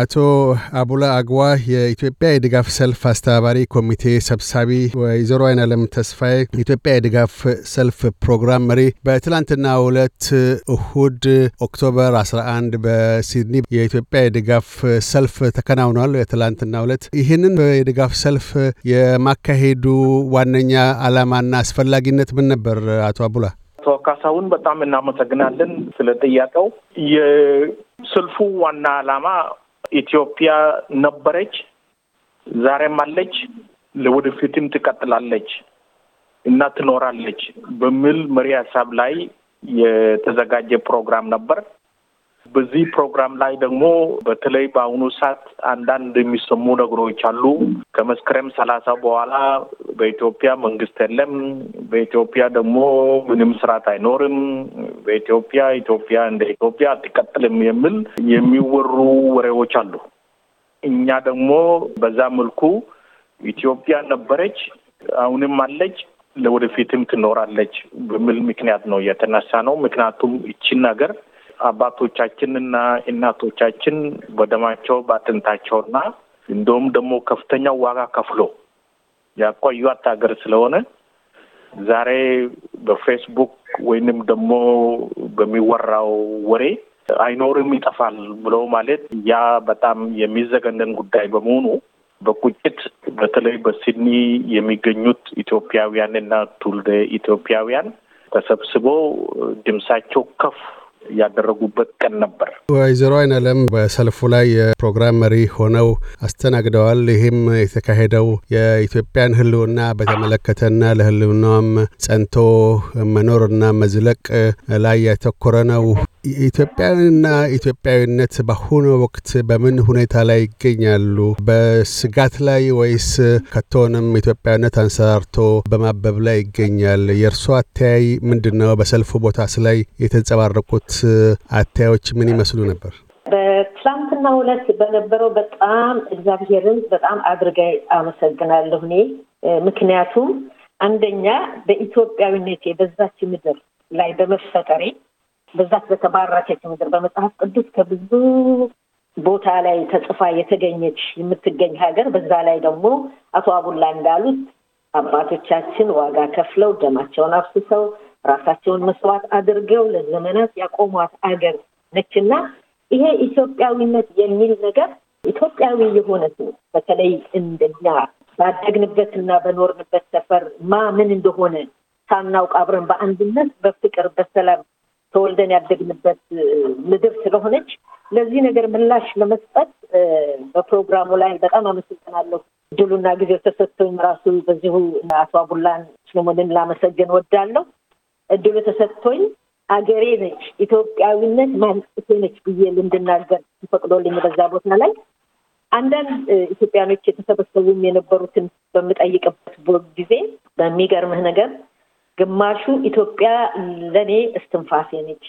አቶ አቡላ አግዋ የኢትዮጵያ የድጋፍ ሰልፍ አስተባባሪ ኮሚቴ ሰብሳቢ፣ ወይዘሮ አይናለም ተስፋዬ የኢትዮጵያ የድጋፍ ሰልፍ ፕሮግራም መሪ፣ በትላንትና ሁለት እሁድ ኦክቶበር 11 በሲድኒ የኢትዮጵያ የድጋፍ ሰልፍ ተከናውኗል። የትላንትና ሁለት ይህንን የድጋፍ ሰልፍ የማካሄዱ ዋነኛ ዓላማና አስፈላጊነት ምን ነበር? አቶ አቡላ። አቶ ካሳሁን በጣም እናመሰግናለን ስለ ጥያቄው። የሰልፉ ዋና ዓላማ ኢትዮጵያ ነበረች፣ ዛሬም አለች፣ ለወደፊትም ትቀጥላለች እና ትኖራለች በሚል መሪ ሀሳብ ላይ የተዘጋጀ ፕሮግራም ነበር። በዚህ ፕሮግራም ላይ ደግሞ በተለይ በአሁኑ ሰዓት አንዳንድ የሚሰሙ ነገሮች አሉ። ከመስከረም ሰላሳ በኋላ በኢትዮጵያ መንግስት የለም፣ በኢትዮጵያ ደግሞ ምንም ስርዓት አይኖርም፣ በኢትዮጵያ ኢትዮጵያ እንደ ኢትዮጵያ አትቀጥልም የሚል የሚወሩ ወሬዎች አሉ። እኛ ደግሞ በዛ መልኩ ኢትዮጵያ ነበረች፣ አሁንም አለች ለወደፊትም ትኖራለች በሚል ምክንያት ነው የተነሳ ነው። ምክንያቱም ይችን ነገር አባቶቻችንና እናቶቻችን በደማቸው በአጥንታቸውና እንዲሁም ደግሞ ከፍተኛው ዋጋ ከፍሎ ያቆዩት ሀገር ስለሆነ ዛሬ በፌስቡክ ወይንም ደግሞ በሚወራው ወሬ አይኖርም ይጠፋል ብሎ ማለት ያ በጣም የሚዘገነን ጉዳይ በመሆኑ በቁጭት በተለይ በሲድኒ የሚገኙት ኢትዮጵያውያንና ትውልደ ኢትዮጵያውያን ተሰብስቦ ድምሳቸው ከፍ ያደረጉበት ቀን ነበር። ወይዘሮ አይነለም በሰልፉ ላይ የፕሮግራም መሪ ሆነው አስተናግደዋል። ይህም የተካሄደው የኢትዮጵያን ሕልውና በተመለከተና ለሕልውናም ጸንቶ መኖርና መዝለቅ ላይ ያተኮረ ነው። ኢትዮጵያንና ኢትዮጵያዊነት በአሁኑ ወቅት በምን ሁኔታ ላይ ይገኛሉ? በስጋት ላይ ወይስ ከቶንም ኢትዮጵያዊነት አንሰራርቶ በማበብ ላይ ይገኛል? የእርሶ አተያይ ምንድን ነው? በሰልፉ ቦታስ ላይ የተንጸባረቁት አተያዮች ምን ይመስሉ ነበር? በትላንትና ሁለት በነበረው በጣም እግዚአብሔርን በጣም አድርጋ አመሰግናለሁ እኔ ምክንያቱም አንደኛ በኢትዮጵያዊነቴ በዛች ምድር ላይ በመፈጠሬ በዛት በተባረከች ምድር በመጽሐፍ ቅዱስ ከብዙ ቦታ ላይ ተጽፋ የተገኘች የምትገኝ ሀገር፣ በዛ ላይ ደግሞ አቶ አቡላ እንዳሉት አባቶቻችን ዋጋ ከፍለው ደማቸውን አፍስሰው ራሳቸውን መስዋዕት አድርገው ለዘመናት ያቆሟት አገር ነችና ይሄ ኢትዮጵያዊነት የሚል ነገር ኢትዮጵያዊ የሆነ ሰው በተለይ እንደኛ ባደግንበት በኖርንበት ሰፈር ማ ምን እንደሆነ ሳናውቅ አብረን በአንድነት በፍቅር በሰላም ተወልደን ያደግንበት ምድር ስለሆነች ለዚህ ነገር ምላሽ ለመስጠት በፕሮግራሙ ላይ በጣም አመሰግናለሁ። እድሉና ጊዜው ተሰጥቶኝ ራሱ በዚሁ አቶ አቡላን ሰለሞንን ላመሰግን ወዳለሁ። እድሉ ተሰጥቶኝ አገሬ ነች ኢትዮጵያዊነት ማንጽቴ ነች ብዬ ልንድናገር ተፈቅዶልኝ በዛ ቦታ ላይ አንዳንድ ኢትዮጵያኖች የተሰበሰቡም የነበሩትን በምጠይቅበት ጊዜ በሚገርምህ ነገር ግማሹ ኢትዮጵያ ለእኔ እስትንፋሴ ነች።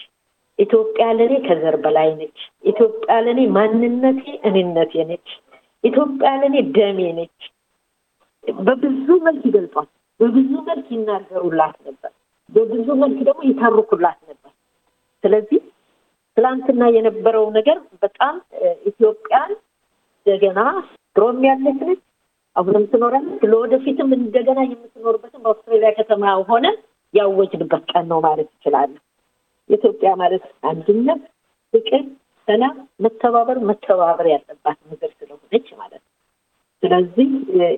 ኢትዮጵያ ለእኔ ከዘር በላይ ነች። ኢትዮጵያ ለእኔ ማንነቴ፣ እኔነቴ ነች። ኢትዮጵያ ለእኔ ደሜ ነች። በብዙ መልክ ይገልጧል። በብዙ መልክ ይናገሩላት ነበር። በብዙ መልክ ደግሞ ይተርኩላት ነበር። ስለዚህ ትላንትና የነበረው ነገር በጣም ኢትዮጵያን እንደገና ድሮም ያለች ነች አሁንም ትኖራለች። ለወደፊትም እንደገና የምትኖርበትን በአውስትራሊያ ከተማ ሆነ ያወጅንበት ቀን ነው ማለት ይችላል። ኢትዮጵያ ማለት አንድነት፣ ፍቅር፣ ሰላም፣ መተባበር መተባበር ያለባት ምድር ስለሆነች ማለት ነው። ስለዚህ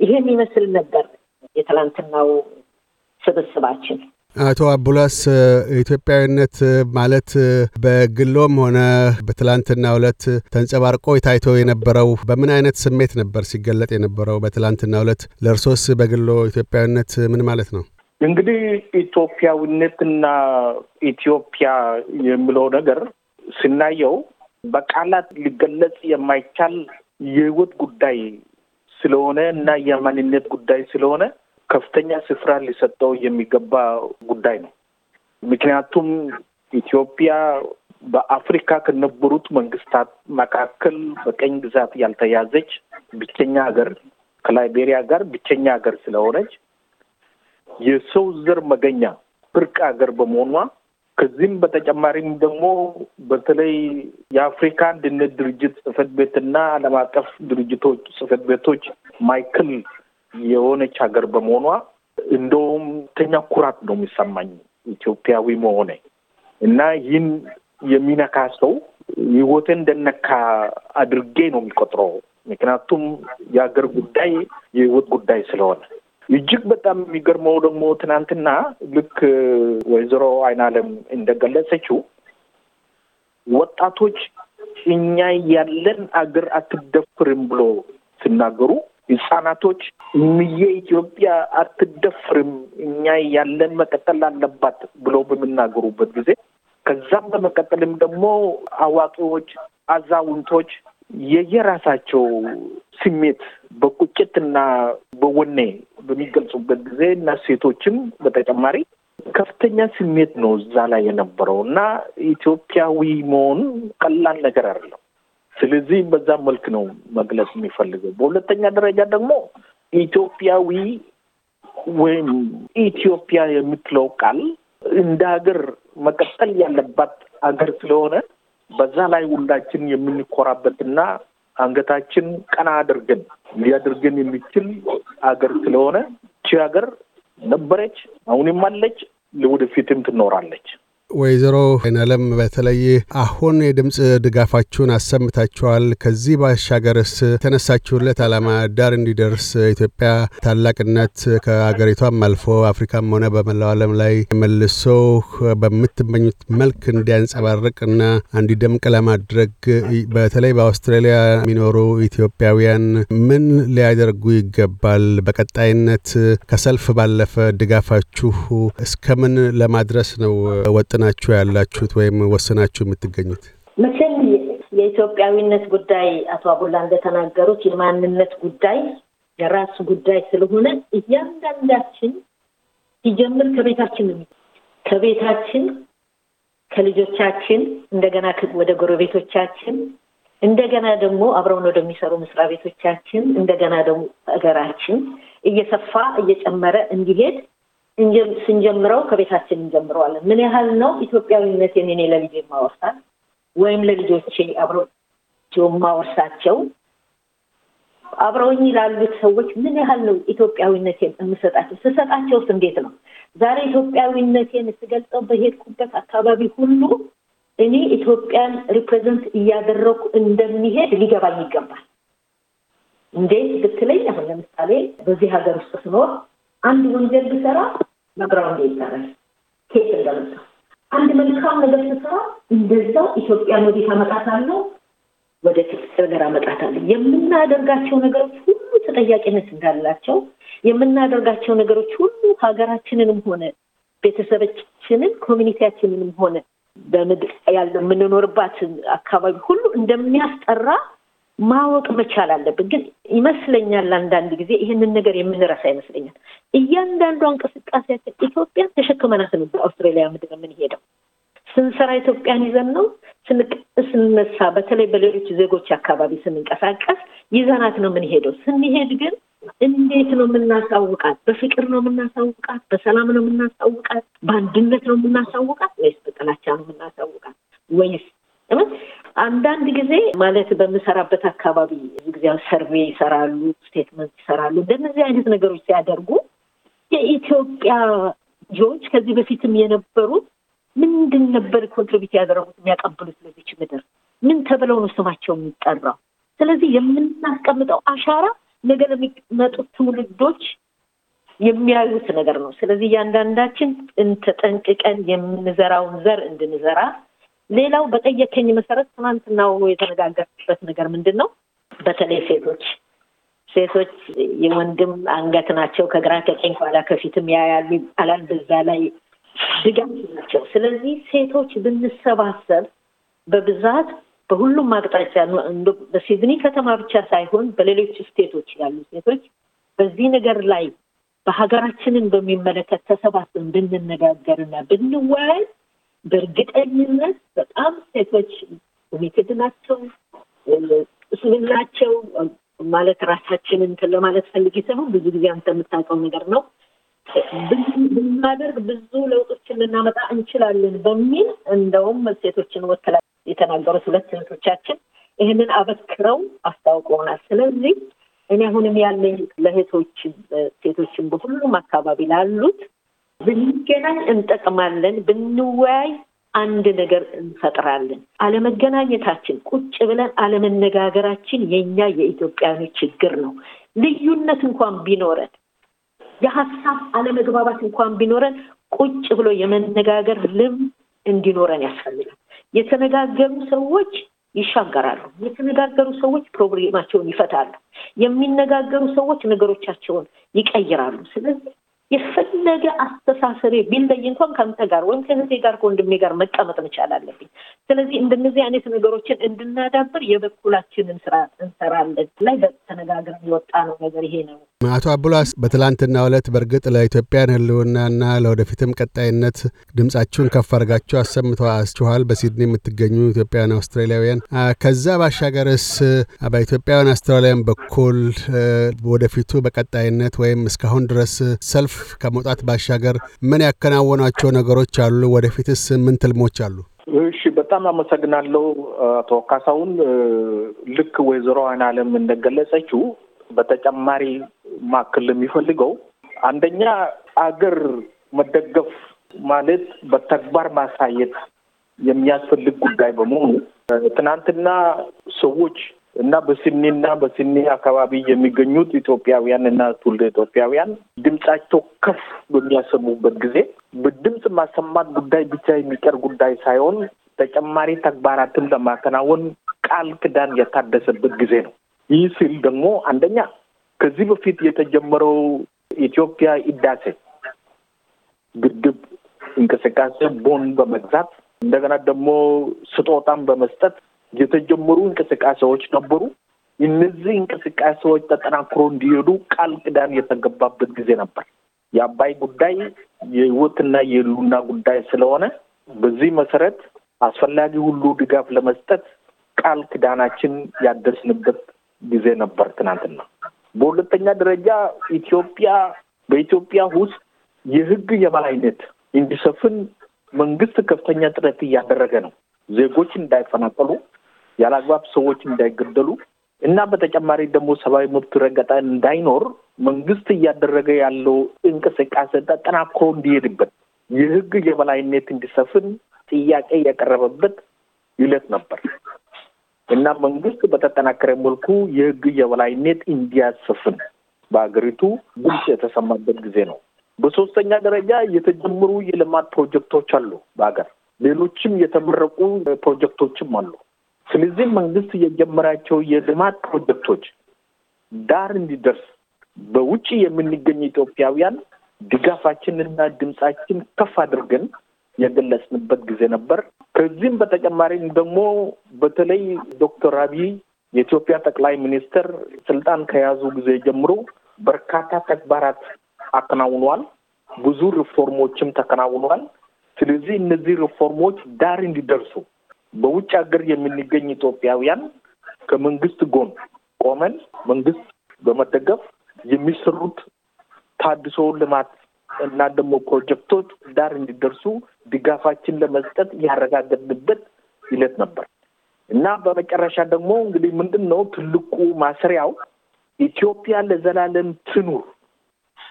ይሄን ይመስል ነበር የትላንትናው ስብስባችን። አቶ አቡላስ ኢትዮጵያዊነት ማለት በግሎም ሆነ በትላንትና ዕለት ተንጸባርቆ ታይቶ የነበረው በምን አይነት ስሜት ነበር ሲገለጥ የነበረው? በትላንትና ዕለት ለእርሶስ በግሎ ኢትዮጵያዊነት ምን ማለት ነው? እንግዲህ ኢትዮጵያዊነትና ኢትዮጵያ የሚለው ነገር ስናየው በቃላት ሊገለጽ የማይቻል የህይወት ጉዳይ ስለሆነ እና የማንነት ጉዳይ ስለሆነ ከፍተኛ ስፍራ ሊሰጠው የሚገባ ጉዳይ ነው። ምክንያቱም ኢትዮጵያ በአፍሪካ ከነበሩት መንግስታት መካከል በቀኝ ግዛት ያልተያዘች ብቸኛ ሀገር ከላይቤሪያ ጋር ብቸኛ ሀገር ስለሆነች የሰው ዘር መገኛ ብርቅ ሀገር በመሆኗ ከዚህም በተጨማሪም ደግሞ በተለይ የአፍሪካ አንድነት ድርጅት ጽህፈት ቤትና ዓለም አቀፍ ድርጅቶች ጽህፈት ቤቶች ማይክል የሆነች ሀገር በመሆኗ እንደውም ተኛ ኩራት ነው የሚሰማኝ ኢትዮጵያዊ መሆኔ እና ይህን የሚነካ ሰው ህይወቴ እንደነካ አድርጌ ነው የሚቆጥረው። ምክንያቱም የሀገር ጉዳይ የህይወት ጉዳይ ስለሆነ እጅግ በጣም የሚገርመው ደግሞ ትናንትና ልክ ወይዘሮ አይን አለም እንደገለጸችው ወጣቶች እኛ ያለን አገር አትደፍርም ብሎ ሲናገሩ ህጻናቶች የኢትዮጵያ ኢትዮጵያ አትደፍርም እኛ ያለን መቀጠል አለባት ብለው በሚናገሩበት ጊዜ ከዛም በመቀጠልም ደግሞ አዋቂዎች፣ አዛውንቶች የየራሳቸው ስሜት በቁጭትና በወኔ በሚገልጹበት ጊዜ እና ሴቶችም በተጨማሪ ከፍተኛ ስሜት ነው እዛ ላይ የነበረው እና ኢትዮጵያዊ መሆኑ ቀላል ነገር አይደለም። ስለዚህ በዛ መልክ ነው መግለጽ የሚፈልገው። በሁለተኛ ደረጃ ደግሞ ኢትዮጵያዊ ወይም ኢትዮጵያ የምትለው ቃል እንደ ሀገር መቀጠል ያለባት ሀገር ስለሆነ በዛ ላይ ሁላችን የምንኮራበትና አንገታችን ቀና አድርገን ሊያደርገን የሚችል ሀገር ስለሆነ ቺ ሀገር ነበረች፣ አሁንም አለች፣ ለወደፊትም ትኖራለች። ወይዘሮ አይናለም በተለይ አሁን የድምፅ ድጋፋችሁን አሰምታችኋል። ከዚህ ባሻገርስ የተነሳችሁለት ዓላማ ዳር እንዲደርስ ኢትዮጵያ ታላቅነት ከአገሪቷም አልፎ አፍሪካም ሆነ በመላው ዓለም ላይ መልሶ በምትመኙት መልክ እንዲያንጸባርቅ እና እንዲደምቅ ለማድረግ በተለይ በአውስትራሊያ የሚኖሩ ኢትዮጵያውያን ምን ሊያደርጉ ይገባል? በቀጣይነት ከሰልፍ ባለፈ ድጋፋችሁ እስከምን ለማድረስ ነው ወጥ ወስናችሁ ያላችሁት ወይም ወስናችሁ የምትገኙት? መቼም የኢትዮጵያዊነት ጉዳይ አቶ አቡላ እንደተናገሩት የማንነት ጉዳይ የራሱ ጉዳይ ስለሆነ እያንዳንዳችን ሲጀምር ከቤታችን ከቤታችን ከልጆቻችን እንደገና ወደ ጎረቤቶቻችን እንደገና ደግሞ አብረውን ወደሚሰሩ መስሪያ ቤቶቻችን እንደገና ደግሞ ሀገራችን እየሰፋ እየጨመረ እንዲሄድ ስንጀምረው ከቤታችን እንጀምረዋለን። ምን ያህል ነው ኢትዮጵያዊነቴን እኔ ለልጄ የማወርሳት ወይም ለልጆቼ አብረው የማወርሳቸው አብረውኝ ላሉት ሰዎች ምን ያህል ነው ኢትዮጵያዊነቴን የምሰጣቸው? ስሰጣቸውስ እንዴት ነው? ዛሬ ኢትዮጵያዊነቴን ስገልጸው በሄድኩበት አካባቢ ሁሉ እኔ ኢትዮጵያን ሪፕሬዘንት እያደረኩ እንደሚሄድ ሊገባኝ ይገባል። እንዴት ብትለኝ አሁን ለምሳሌ በዚህ ሀገር ውስጥ ስኖር አንድ ወንጀል ብሰራ በግራውንድ ይባላል። ኬት እንደመጣ አንድ መልካም ነገር ስሰራ እንደዛው ኢትዮጵያን ወዴት አመጣታለሁ፣ ወደ ትልቅ ነገር አመጣታለሁ። የምናደርጋቸው ነገሮች ሁሉ ተጠያቂነት እንዳላቸው የምናደርጋቸው ነገሮች ሁሉ ሀገራችንንም ሆነ ቤተሰቦቻችንን ኮሚኒቲያችንንም ሆነ በምድር ያለ የምንኖርባትን አካባቢ ሁሉ እንደሚያስጠራ ማወቅ መቻል አለብን። ግን ይመስለኛል አንዳንድ ጊዜ ይህንን ነገር የምንረሳ ይመስለኛል። እያንዳንዷ እንቅስቃሴያችን ኢትዮጵያን ተሸክመናት ነው በአውስትራሊያ ምድር የምንሄደው። ስንሰራ ኢትዮጵያን ይዘን ነው፣ ስንነሳ በተለይ በሌሎች ዜጎች አካባቢ ስንንቀሳቀስ ይዘናት ነው የምንሄደው። ስንሄድ ግን እንዴት ነው የምናሳውቃት? በፍቅር ነው የምናሳውቃት? በሰላም ነው የምናሳውቃት? በአንድነት ነው የምናሳውቃት? ወይስ በጥላቻ ነው የምናሳውቃት? ወይስ አንዳንድ ጊዜ ማለት በምሰራበት አካባቢ ጊዜ ሰርቬ ይሰራሉ፣ ስቴትመንት ይሰራሉ። እንደነዚህ አይነት ነገሮች ሲያደርጉ የኢትዮጵያ ጆች ከዚህ በፊትም የነበሩት ምንድን ነበር ኮንትሪቢት ያደረጉት የሚያቀብሉት ለዚች ምድር ምን ተብለው ነው ስማቸው የሚጠራው? ስለዚህ የምናስቀምጠው አሻራ ነገ ለሚመጡት ትውልዶች የሚያዩት ነገር ነው። ስለዚህ እያንዳንዳችን እንተጠንቅቀን የምንዘራውን ዘር እንድንዘራ ሌላው በጠየከኝ መሰረት ትናንትናው የተነጋገርበት ነገር ምንድን ነው? በተለይ ሴቶች ሴቶች የወንድም አንገት ናቸው፣ ከግራ ከቀኝ ኋላ ከፊትም ያያሉ ይባላል። በዛ ላይ ድጋፍ ናቸው። ስለዚህ ሴቶች ብንሰባሰብ በብዛት በሁሉም አቅጣጫ በሲድኒ ከተማ ብቻ ሳይሆን በሌሎች ስቴቶች ያሉ ሴቶች በዚህ ነገር ላይ በሀገራችንን በሚመለከት ተሰባስብ ብንነጋገርና ብንወያይ በእርግጠኝነት በጣም ሴቶች ኮሚትድ ናቸው። ናቸው ማለት ራሳችን እንትን ለማለት ፈልጌ ሳይሆን ብዙ ጊዜ አንተ የምታውቀው ነገር ነው። ብናደርግ ብዙ ለውጦችን ልናመጣ እንችላለን በሚል እንደውም ሴቶችን ወክላ የተናገሩት ሁለት እህቶቻችን ይህንን አበክረው አስታውቀውናል። ስለዚህ እኔ አሁንም ያለኝ ለእህቶች ሴቶችን በሁሉም አካባቢ ላሉት ብንገናኝ እንጠቅማለን፣ ብንወያይ አንድ ነገር እንፈጥራለን። አለመገናኘታችን፣ ቁጭ ብለን አለመነጋገራችን የኛ የኢትዮጵያዊ ችግር ነው። ልዩነት እንኳን ቢኖረን የሀሳብ አለመግባባት እንኳን ቢኖረን ቁጭ ብሎ የመነጋገር ልምድ እንዲኖረን ያስፈልጋል። የተነጋገሩ ሰዎች ይሻገራሉ። የተነጋገሩ ሰዎች ፕሮብሌማቸውን ይፈታሉ። የሚነጋገሩ ሰዎች ነገሮቻቸውን ይቀይራሉ። ስለዚህ የፈለገ አስተሳሰቤ ቢለይ እንኳን ከምተ ጋር ወይም ከእህቴ ጋር ከወንድሜ ጋር መቀመጥ መቻል አለብኝ። ስለዚህ እንደነዚህ አይነት ነገሮችን እንድናዳብር የበኩላችንን ስራ እንሰራለን ላይ ተነጋግረን የወጣ ነው ነገር ይሄ ነው አቶ አቡላስ በትላንትና ዕለት በእርግጥ ለኢትዮጵያን ህልውናና ለወደፊትም ቀጣይነት ድምጻችሁን ከፍ አድርጋችሁ አሰምተዋችኋል በሲድኒ የምትገኙ ኢትዮጵያውያን አውስትራሊያውያን። ከዛ ባሻገርስ በኢትዮጵያውያን አውስትራሊያን በኩል ወደፊቱ በቀጣይነት ወይም እስካሁን ድረስ ሰልፍ ከመውጣት ባሻገር ምን ያከናወኗቸው ነገሮች አሉ? ወደፊትስ ምን ትልሞች አሉ? እሺ በጣም አመሰግናለሁ አቶ ካሳሁን። ልክ ወይዘሮ አለም እንደገለጸችው በተጨማሪ ማክል የሚፈልገው አንደኛ አገር መደገፍ ማለት በተግባር ማሳየት የሚያስፈልግ ጉዳይ በመሆኑ ትናንትና ሰዎች እና በሲድኒና በስኒ አካባቢ የሚገኙት ኢትዮጵያውያን እና ትውልደ ኢትዮጵያውያን ድምጻቸው ከፍ በሚያሰሙበት ጊዜ በድምፅ ማሰማት ጉዳይ ብቻ የሚቀር ጉዳይ ሳይሆን ተጨማሪ ተግባራትን ለማከናወን ቃል ክዳን የታደሰበት ጊዜ ነው። ይህ ሲል ደግሞ አንደኛ ከዚህ በፊት የተጀመረው ኢትዮጵያ ህዳሴ ግድብ እንቅስቃሴ ቦን በመግዛት እንደገና ደግሞ ስጦታን በመስጠት የተጀመሩ እንቅስቃሴዎች ነበሩ። እነዚህ እንቅስቃሴዎች ተጠናክሮ እንዲሄዱ ቃል ክዳን የተገባበት ጊዜ ነበር። የአባይ ጉዳይ የህይወትና የህልውና ጉዳይ ስለሆነ በዚህ መሰረት አስፈላጊ ሁሉ ድጋፍ ለመስጠት ቃል ክዳናችን ያደስንበት ጊዜ ነበር ትናንትና። በሁለተኛ ደረጃ ኢትዮጵያ በኢትዮጵያ ውስጥ የህግ የበላይነት እንዲሰፍን መንግስት ከፍተኛ ጥረት እያደረገ ነው። ዜጎች እንዳይፈናቀሉ፣ ያለአግባብ ሰዎች እንዳይገደሉ እና በተጨማሪ ደግሞ ሰብአዊ መብት ረገጣ እንዳይኖር መንግስት እያደረገ ያለው እንቅስቃሴ ተጠናክሮ እንዲሄድበት የህግ የበላይነት እንዲሰፍን ጥያቄ ያቀረበበት ይለት ነበር። እና መንግስት በተጠናከረ መልኩ የህግ የበላይነት እንዲያሰፍን በሀገሪቱ ግልጽ የተሰማበት ጊዜ ነው። በሶስተኛ ደረጃ የተጀመሩ የልማት ፕሮጀክቶች አሉ። በሀገር ሌሎችም የተመረቁ ፕሮጀክቶችም አሉ። ስለዚህ መንግስት የጀመራቸው የልማት ፕሮጀክቶች ዳር እንዲደርስ በውጭ የምንገኝ ኢትዮጵያውያን ድጋፋችንና ድምፃችን ከፍ አድርገን የገለጽንበት ጊዜ ነበር። ከዚህም በተጨማሪም ደግሞ በተለይ ዶክተር አብይ የኢትዮጵያ ጠቅላይ ሚኒስትር ስልጣን ከያዙ ጊዜ ጀምሮ በርካታ ተግባራት አከናውኗል። ብዙ ሪፎርሞችም ተከናውኗል። ስለዚህ እነዚህ ሪፎርሞች ዳር እንዲደርሱ በውጭ ሀገር የምንገኝ ኢትዮጵያውያን ከመንግስት ጎን ቆመን መንግስት በመደገፍ የሚሰሩት ታድሶ ልማት እና ደግሞ ፕሮጀክቶች ዳር እንዲደርሱ ድጋፋችን ለመስጠት ያረጋገጥንበት ይለት ነበር እና በመጨረሻ ደግሞ እንግዲህ ምንድን ነው ትልቁ ማሰሪያው ኢትዮጵያ ለዘላለም ትኑር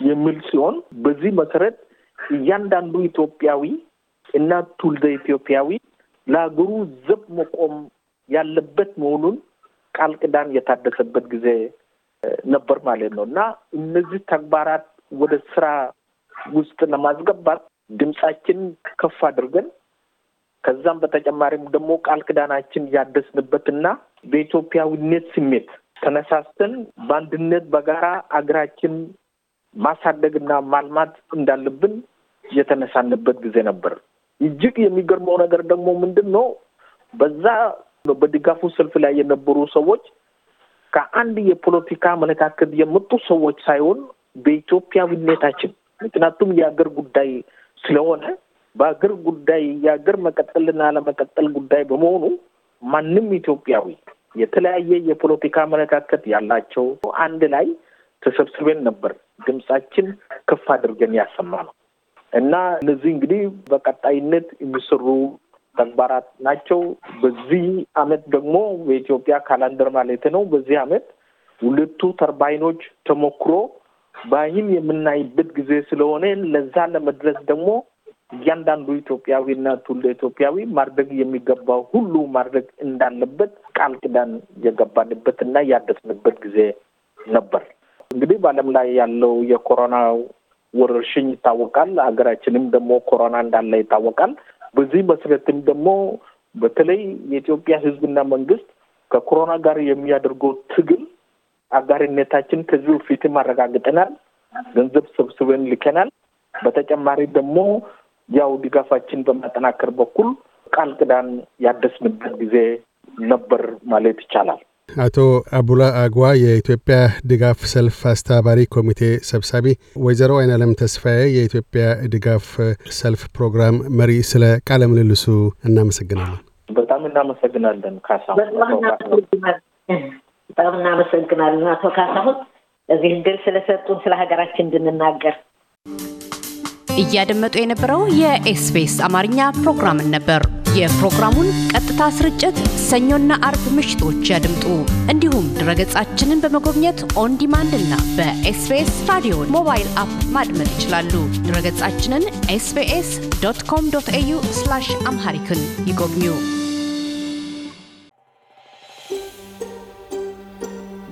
የሚል ሲሆን በዚህ መሰረት እያንዳንዱ ኢትዮጵያዊ እና ትውልደ ኢትዮጵያዊ ለሀገሩ ዘብ መቆም ያለበት መሆኑን ቃል ኪዳን የታደሰበት ጊዜ ነበር ማለት ነው እና እነዚህ ተግባራት ወደ ስራ ውስጥ ለማስገባት ድምጻችን ከፍ አድርገን ከዛም በተጨማሪም ደግሞ ቃል ክዳናችን ያደስንበትና በኢትዮጵያዊነት ስሜት ተነሳስተን በአንድነት በጋራ አገራችን ማሳደግና ማልማት እንዳለብን የተነሳንበት ጊዜ ነበር። እጅግ የሚገርመው ነገር ደግሞ ምንድን ነው? በዛ በድጋፉ ሰልፍ ላይ የነበሩ ሰዎች ከአንድ የፖለቲካ አመለካከት የመጡ ሰዎች ሳይሆን በኢትዮጵያዊነታችን ምክንያቱም የሀገር ጉዳይ ስለሆነ በሀገር ጉዳይ የሀገር መቀጠልና ለመቀጠል ጉዳይ በመሆኑ ማንም ኢትዮጵያዊ የተለያየ የፖለቲካ አመለካከት ያላቸው አንድ ላይ ተሰብስበን ነበር ድምጻችን ከፍ አድርገን ያሰማ ነው እና እነዚህ እንግዲህ በቀጣይነት የሚሰሩ ተግባራት ናቸው። በዚህ አመት ደግሞ በኢትዮጵያ ካላንደር ማለት ነው። በዚህ አመት ሁለቱ ተርባይኖች ተሞክሮ በአይን የምናይበት ጊዜ ስለሆነ ለዛ ለመድረስ ደግሞ እያንዳንዱ ኢትዮጵያዊና ትውልደ ኢትዮጵያዊ ማድረግ የሚገባው ሁሉ ማድረግ እንዳለበት ቃል ኪዳን የገባንበት እና ያደስንበት ጊዜ ነበር። እንግዲህ በዓለም ላይ ያለው የኮሮና ወረርሽኝ ይታወቃል። ሀገራችንም ደግሞ ኮሮና እንዳለ ይታወቃል። በዚህ መሰረትም ደግሞ በተለይ የኢትዮጵያ ሕዝብና መንግስት ከኮሮና ጋር የሚያደርገው ትግል አጋርነታችን ከዚሁ ፊትም አረጋግጠናል። ገንዘብ ሰብስበን ልከናል። በተጨማሪ ደግሞ ያው ድጋፋችን በማጠናከር በኩል ቃል ቅዳን ያደስንበት ጊዜ ነበር ማለት ይቻላል። አቶ አቡላ አግዋ የኢትዮጵያ ድጋፍ ሰልፍ አስተባባሪ ኮሚቴ ሰብሳቢ፣ ወይዘሮ አይናለም ተስፋዬ የኢትዮጵያ ድጋፍ ሰልፍ ፕሮግራም መሪ፣ ስለ ቃለ ምልልሱ እናመሰግናለን። በጣም እናመሰግናለን ካሳ በጣም እናመሰግናለን አቶ ካሳሁን እዚህ እድል ስለሰጡን ስለ ሀገራችን እንድንናገር። እያደመጡ የነበረው የኤስቢኤስ አማርኛ ፕሮግራምን ነበር። የፕሮግራሙን ቀጥታ ስርጭት ሰኞና አርብ ምሽቶች ያድምጡ። እንዲሁም ድረገጻችንን በመጎብኘት ኦን ዲማንድ እና በኤስቢኤስ ራዲዮን ሞባይል አፕ ማድመጥ ይችላሉ። ድረገጻችንን ኤስቢኤስ ዶት ኮም ዶት ኤዩ አምሃሪክን ይጎብኙ።